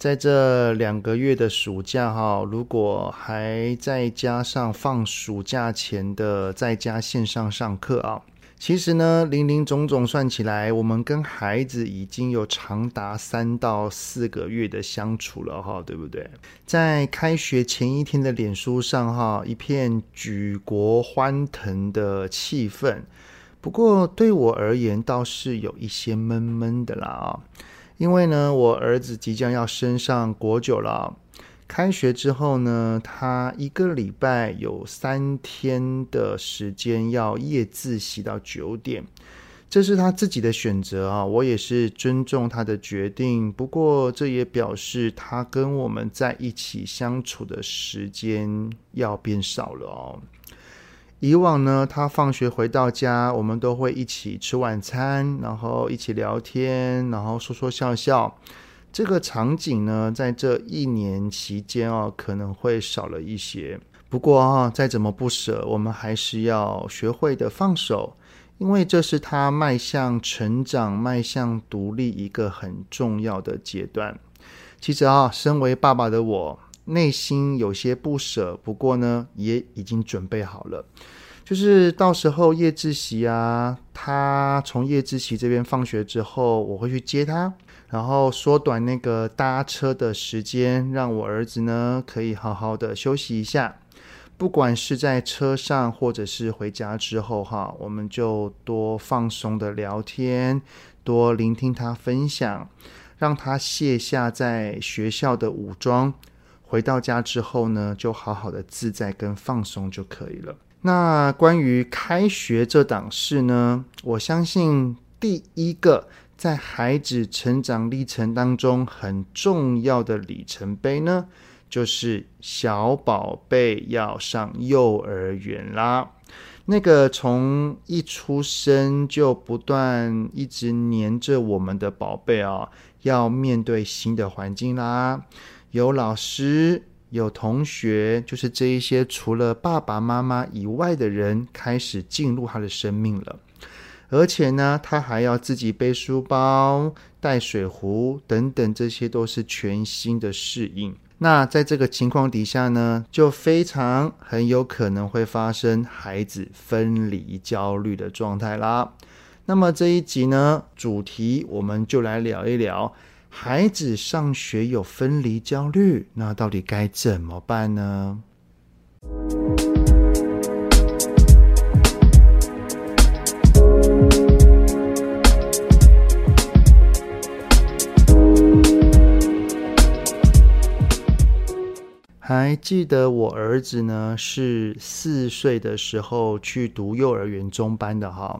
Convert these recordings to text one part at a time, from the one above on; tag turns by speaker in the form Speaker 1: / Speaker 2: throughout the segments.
Speaker 1: 在這兩個月的暑假哈、哦，如果還再加上放暑假前的在家線上上課啊、哦，其實呢，林林總總算起來，我們跟孩子已經有長達三到四個月的相處了哈、哦，對不對？在開學前一天的臉書上哈、哦，一片舉國歡騰的氣氛，不過對我而言倒是有一些悶悶的啦、哦。因為呢，我兒子即將要升上國九了，開學之後呢，他一個禮拜有三天的時間要夜自習到九點，這是他自己的選擇啊，我也是尊重他的決定。不過，這也表示他跟我們在一起相處的時間要變少了哦。以往呢，他放學回到家，我們都會一起吃晚餐，然後一起聊天，然後說說笑笑。這個場景呢，在這一年期間哦，可能會少了一些。不過啊，再怎麼不捨，我們還是要學會的放手，因為這是他邁向成長、邁向獨立一個很重要的階段。其實啊，身為爸爸的我。內心有些不捨，不過呢，也已經準備好了。就是到時候夜自習啊，他從夜自習這邊放學之後，我會去接他，然後縮短那個搭車的時間，讓我兒子呢可以好好的休息一下。不管是在車上，或者是回家之後，哈，我們就多放鬆的聊天，多聆聽他分享，讓他卸下在學校的武裝。回到家之後呢，就好好的自在跟放鬆就可以了。那關於開學這檔事呢，我相信第一個在孩子成長歷程當中很重要的里程碑呢，就是小寶貝要上幼兒園啦。那個從一出生就不斷一直黏着我們的寶貝啊，要面對新的環境啦。有老師，有同學，就是這一些除了爸爸媽媽以外的人，開始進入他的生命了。而且呢，他還要自己背書包、帶水壺等等，這些都是全新的適應。那在這個情況底下呢，就非常很有可能會發生孩子分離焦慮的狀態啦。那麼這一集呢，主題我們就來聊一聊。孩子上學有分離焦慮，那到底該怎麼辦呢？還記得我兒子呢，是四歲的時候去讀幼兒園中班的哈。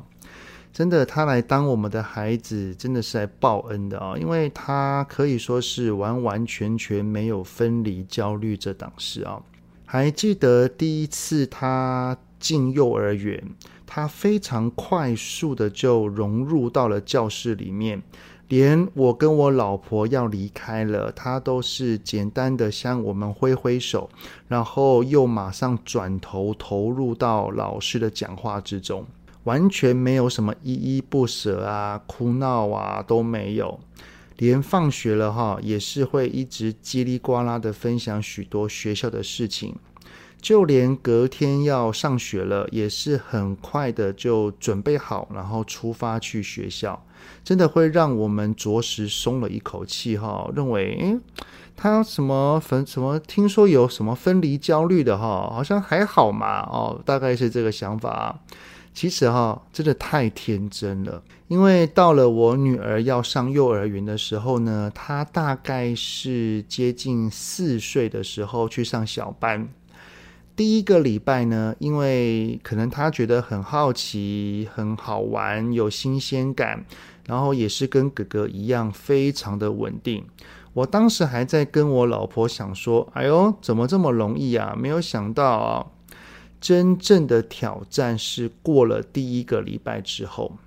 Speaker 1: 真的，他來當我們的孩子，真的是來報恩的啊！因為他可以說是完完全全沒有分離焦慮這檔事啊。還記得第一次他進幼兒園，他非常快速的就融入到了教室裡面，連我跟我老婆要離開了，他都是簡單的向我們揮揮手，然後又馬上轉頭投入到老師的講話之中。完全沒有什麼依依不捨啊、哭鬧啊都沒有，連放學了哈也是會一直嘰里呱啦的分享許多學校的事情，就連隔天要上學了也是很快的就準備好，然後出發去學校，真的會讓我們着實鬆了一口氣哈，認為，誒，他什麼分什麼，聽說有什麼分離焦慮的哈，好像還好嘛哦，大概是這個想法啊。其實哈、哦，真的太天真了。因為到了我女兒要上幼兒園的時候呢，她大概是接近四歲的時候去上小班。第一個禮拜呢，因為可能她覺得很好奇、很好玩、有新鮮感，然後也是跟哥哥一樣非常的穩定。我當時還在跟我老婆想說：“哎呦，怎麼這麼容易啊？”沒有想到、哦。真正的挑戰是過了第一個禮拜之後，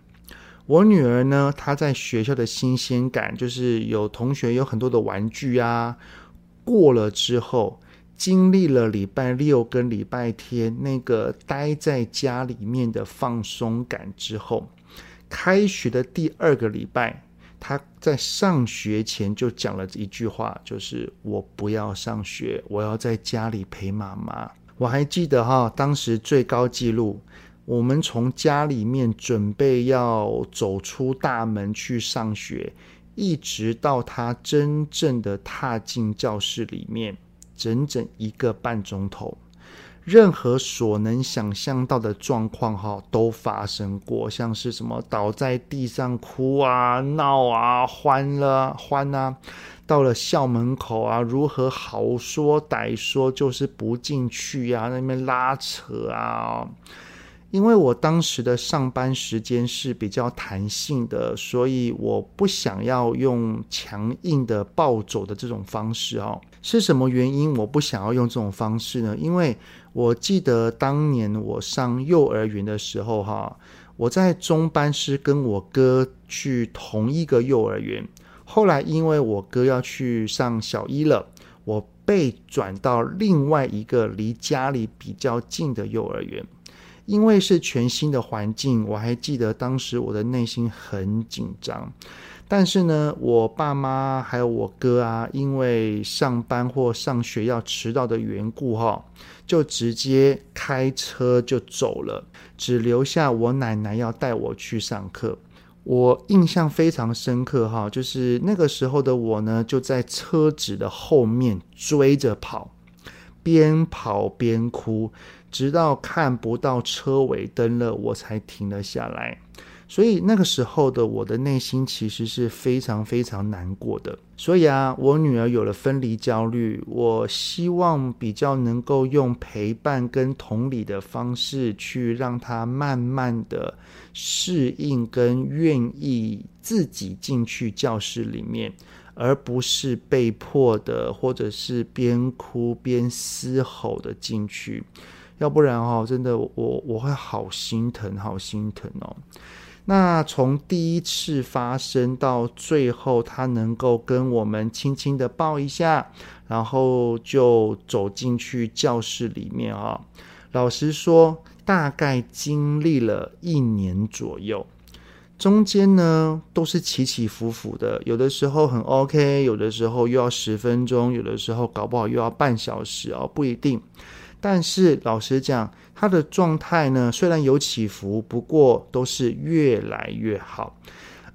Speaker 1: 我女兒呢，她在學校的新鮮感，就是有同學有很多的玩具啊。過了之後，經歷了禮拜六跟禮拜天那個待在家裡面的放鬆感之後，開學的第二個禮拜，她在上學前就講了一句話，就是“我不要上學，我要在家裡陪媽媽。”我還記得哈，當時最高紀錄，我們從家裡面準備要走出大門去上學，一直到他真正的踏進教室裡面，整整一個半鐘頭，任何所能想象到的狀況哈都發生過，像是什麼倒在地上哭啊、鬧啊、歡了歡吶、啊。到了校門口啊，如何好說歹說就是不進去呀、啊，那邊拉扯啊。因為我當時的上班時間是比較彈性的，所以我不想要用強硬的抱走的這種方式哦。是什麼原因我不想要用這種方式呢？因為我記得當年我上幼兒園的時候，哈，我在中班是跟我哥去同一個幼兒園。後來，因為我哥要去上小一了，我被轉到另外一個離家裡比較近的幼兒園。因為是全新的環境，我還記得當時我的內心很緊張。但是呢，我爸媽還有我哥啊，因為上班或上學要遲到的緣故哈、哦，就直接開車就走了，只留下我奶奶要帶我去上課。我印象非常深刻，哈，就是那個時候的我呢，就在車子的後面追着跑，邊跑邊哭，直到看不到車尾燈了，我才停了下來。所以那個時候的我的內心其實是非常非常難過的。所以啊，我女兒有了分離焦慮，我希望比較能夠用陪伴跟同理的方式去讓她慢慢的適應跟願意自己進去教室裡面，而不是被迫的或者是邊哭邊嘶吼的進去。要不然哦，真的，我我會好心疼，好心疼哦。那從第一次發生到最後，他能夠跟我們輕輕的抱一下，然後就走進去教室裡面啊、哦。老實說，大概經歷了一年左右，中間呢都是起起伏伏的，有的時候很 OK，有的時候又要十分鐘，有的時候搞不好又要半小時哦，不一定。但是老實講。他的狀態呢，雖然有起伏，不過都是越來越好。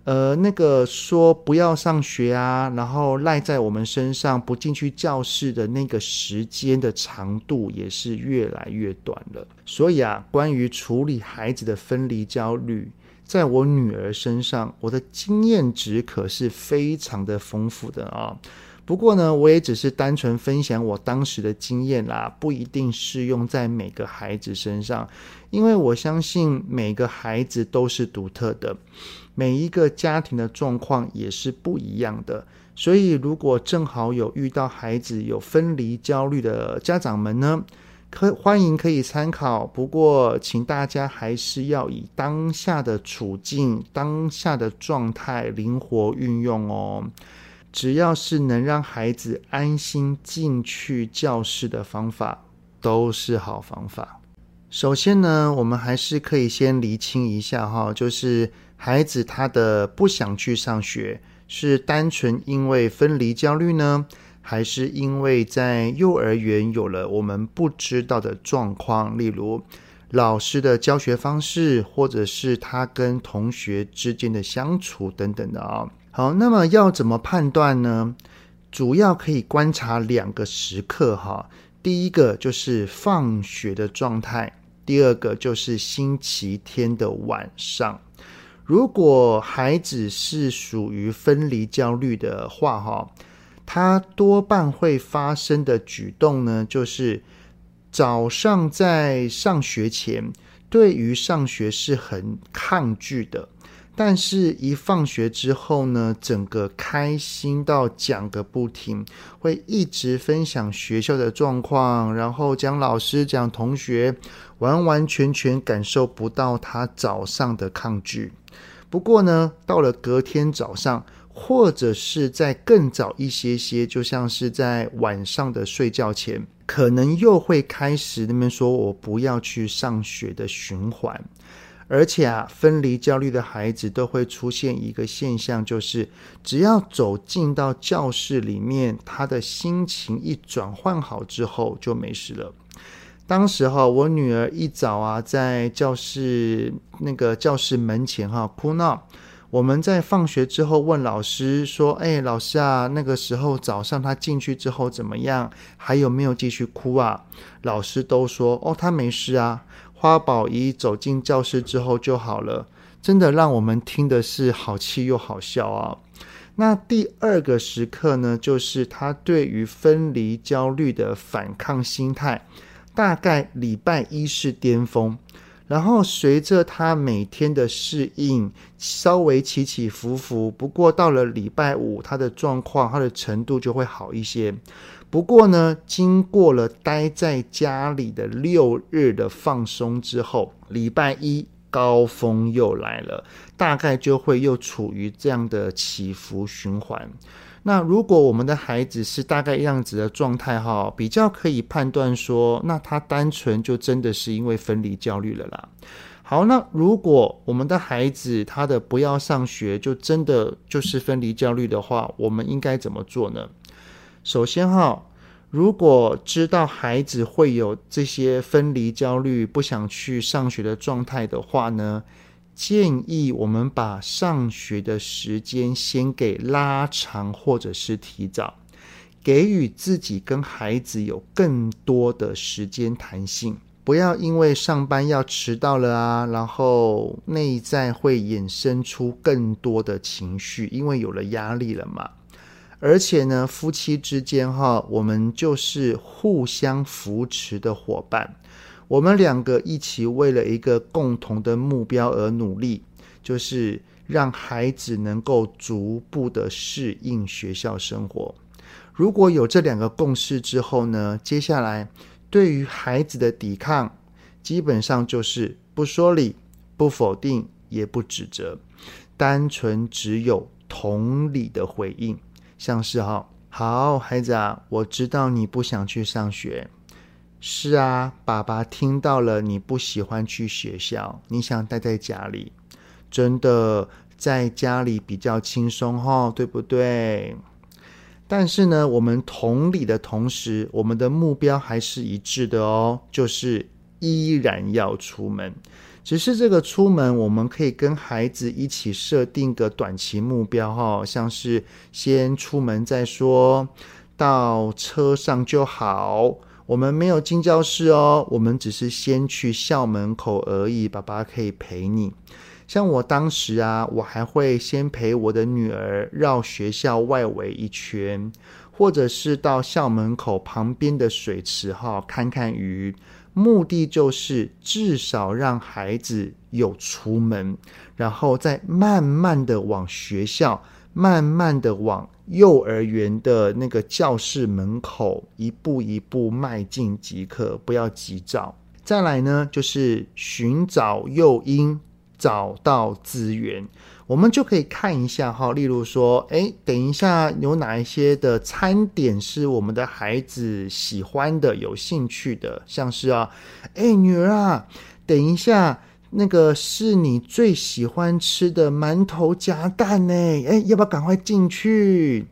Speaker 1: 呃，那個說不要上學啊，然後賴在我們身上不進去教室的那個時間的長度也是越來越短了。所以啊，關於處理孩子的分離焦慮，在我女兒身上，我的經驗值可是非常的豐富的啊。不過呢，我也只是單純分享我當時的經驗啦，不一定適用在每個孩子身上，因為我相信每個孩子都是獨特的，每一個家庭的狀況也是不一樣的。所以，如果正好有遇到孩子有分離焦慮的家長們呢，可歡迎可以參考。不過，請大家還是要以當下的處境、當下的狀態靈活運用哦。只要是能讓孩子安心進去教室的方法，都是好方法。首先呢，我們還是可以先釐清一下哈，就是孩子他的不想去上學，是單純因為分離焦慮呢？還是因為在幼兒園有了我們不知道的狀況，例如老師的教學方式，或者是他跟同學之間的相處等等的啊。好，那麼要怎麼判斷呢？主要可以觀察兩個時刻哈。第一個就是放學的狀態，第二個就是星期天的晚上。如果孩子是屬於分離焦慮的話哈，他多半會發生的舉動呢，就是早上在上學前，對於上學是很抗拒的。但是，一放學之後呢，整個開心到講個不停，會一直分享學校的狀況，然後講老師、講同學，完完全全感受不到他早上的抗拒。不過呢，到了隔天早上，或者是在更早一些些，就像是在晚上的睡覺前，可能又會開始那邊說“我不要去上學”的循環。而且啊，分離焦慮的孩子都會出現一個現象，就是只要走進到教室裡面，他的心情一轉換好之後就沒事了。當時哈，我女兒一早啊，在教室那個教室門前哈哭鬧，我們在放學之後問老師說：“誒，老師啊，那個時候早上她進去之後怎麼樣？還有沒有繼續哭啊？”老師都說：“哦，她沒事啊。”花寶一走進教室之後就好了，真的讓我們聽的是好氣又好笑啊。那第二個時刻呢，就是他對於分離焦慮的反抗心態，大概禮拜一是巔峰，然後隨着他每天的適應，稍微起起伏伏，不過到了禮拜五，他的狀況、他的程度就會好一些。不過呢，經過了待在家裡的六日的放鬆之後，禮拜一高峰又來了，大概就會又處於這樣的起伏循環。那如果我們的孩子是大概這樣子的狀態哈，比較可以判斷說，那他單純就真的是因為分離焦慮了啦。好，那如果我們的孩子他的不要上學，就真的就是分離焦慮的話，我們應該怎麼做呢？首先哈、哦，如果知道孩子會有這些分離焦慮，不想去上學的狀態的話呢，建議我們把上學的時間先給拉長，或者是提早，給予自己跟孩子有更多的時間彈性。不要因為上班要遲到了啊，然後內在會衍生出更多的情緒，因為有了壓力了嘛。而且呢，夫妻之間哈，我們就是互相扶持的夥伴。我們兩個一起為了一個共同的目標而努力，就是讓孩子能夠逐步的適應學校生活。如果有這兩個共識之後呢，接下來對於孩子的抵抗，基本上就是不說理、不否定、也不指責，單純只有同理的回應。像是哈，好孩子啊，我知道你不想去上學。是啊，爸爸聽到了，你不喜歡去學校，你想待在家裡，真的在家裡比較輕鬆哈、哦，對不對？但是呢，我們同理的同時，我們的目標還是一致的哦，就是依然要出門。只是這個出門，我們可以跟孩子一起設定個短期目標哈，像是先出門再說，到車上就好。我們沒有進教室哦，我們只是先去校門口而已。爸爸可以陪你。像我當時啊，我還會先陪我的女兒繞學校外圍一圈，或者是到校門口旁邊的水池哈，看看魚。目的就是至少讓孩子有出門，然後再慢慢的往學校，慢慢的往幼兒園的那個教室門口一步一步邁進即可，不要急躁。再來呢，就是尋找誘因，找到資源。我們就可以看一下哈，例如說，哎，等一下有哪一些的餐點是我們的孩子喜歡的、有興趣的，像是啊，哎，女兒啊，等一下那個是你最喜歡吃的饅頭夾蛋呢，哎，要不要趕快進去？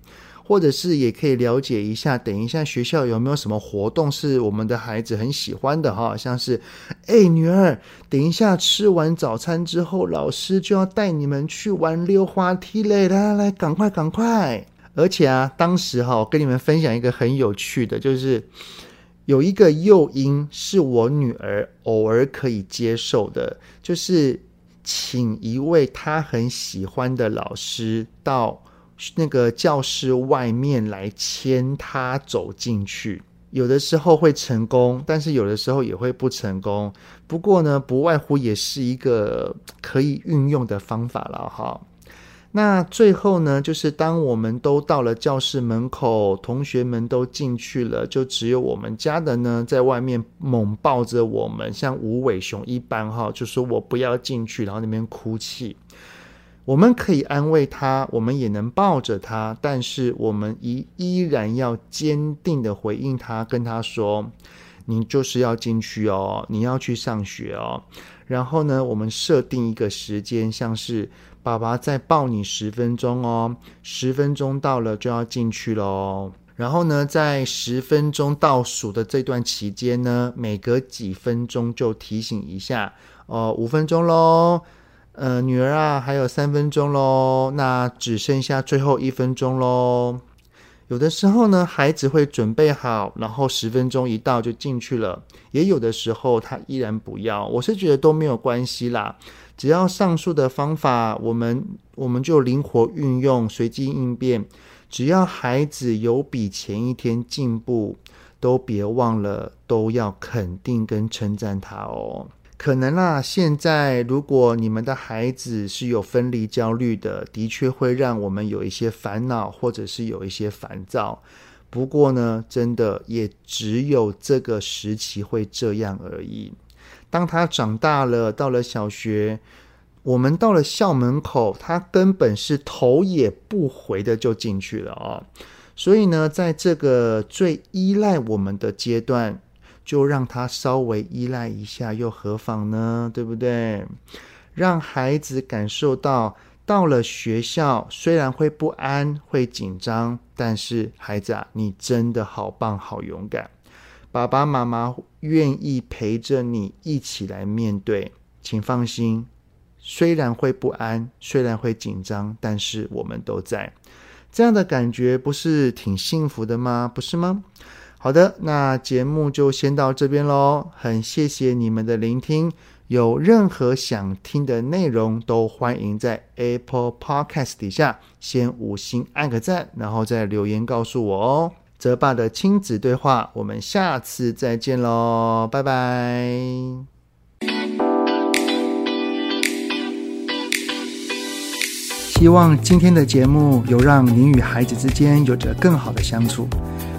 Speaker 1: 或者是也可以了解一下，等一下學校有沒有什麼活動是我們的孩子很喜歡的哈？像是，哎、欸，女兒，等一下吃完早餐之後，老師就要帶你們去玩溜滑梯嘞！來來來，趕快趕快！而且啊，當時哈，跟你們分享一個很有趣的，就是有一個誘因是我女兒偶爾可以接受的，就是請一位她很喜歡的老師到。那個教室外面來牽他走進去，有的時候會成功，但是有的時候也會不成功。不過呢，不外乎也是一個可以運用的方法了哈。那最後呢，就是當我們都到了教室門口，同學們都進去了，就只有我們家的呢，在外面猛抱着我們，像無尾熊一般哈，就說“我不要進去”，然後那邊哭泣。我們可以安慰他，我們也能抱着他，但是我們依依然要堅定地回應他，跟他說：“你就是要進去哦，你要去上學哦。”然後呢，我們設定一個時間，像是爸爸再抱你十分鐘哦，十分鐘到了就要進去嘍。然後呢，在十分鐘倒數的這段期間呢，每隔幾分鐘就提醒一下，哦、呃，五分鐘嘍。呃，女兒啊，還有三分鐘嘍，那只剩下最後一分鐘嘍。有的時候呢，孩子會準備好，然後十分鐘一到就進去了；也有的時候他依然不要，我是覺得都沒有關係啦，只要上述的方法，我們我們就靈活運用，隨機應變。只要孩子有比前一天進步，都別忘了都要肯定跟稱讚他哦。可能啦，現在如果你們的孩子是有分離焦慮的，的確會讓我們有一些煩惱，或者是有一些煩躁。不過呢，真的也只有這個時期會這樣而已。當他長大了，到了小學，我們到了校門口，他根本是頭也不回的就進去了哦。所以呢，在這個最依賴我們的階段。就讓他稍微依賴一下又何妨呢？對不對？讓孩子感受到，到了學校雖然會不安、會緊張，但是孩子啊，你真的好棒、好勇敢。爸爸媽媽願意陪着你一起來面對，請放心。雖然會不安，雖然會緊張，但是我們都在。這樣的感覺不是挺幸福的嗎？不是嗎？好的，那節目就先到這邊嘍。很謝謝你們的聆聽，有任何想聽的內容，都歡迎在 Apple Podcast 底下先五星按個讚，然後再留言告訴我哦。澤爸的親子對話，我們下次再見嘍，拜拜。希望今天的節目有讓您與孩子之間有着更好的相處。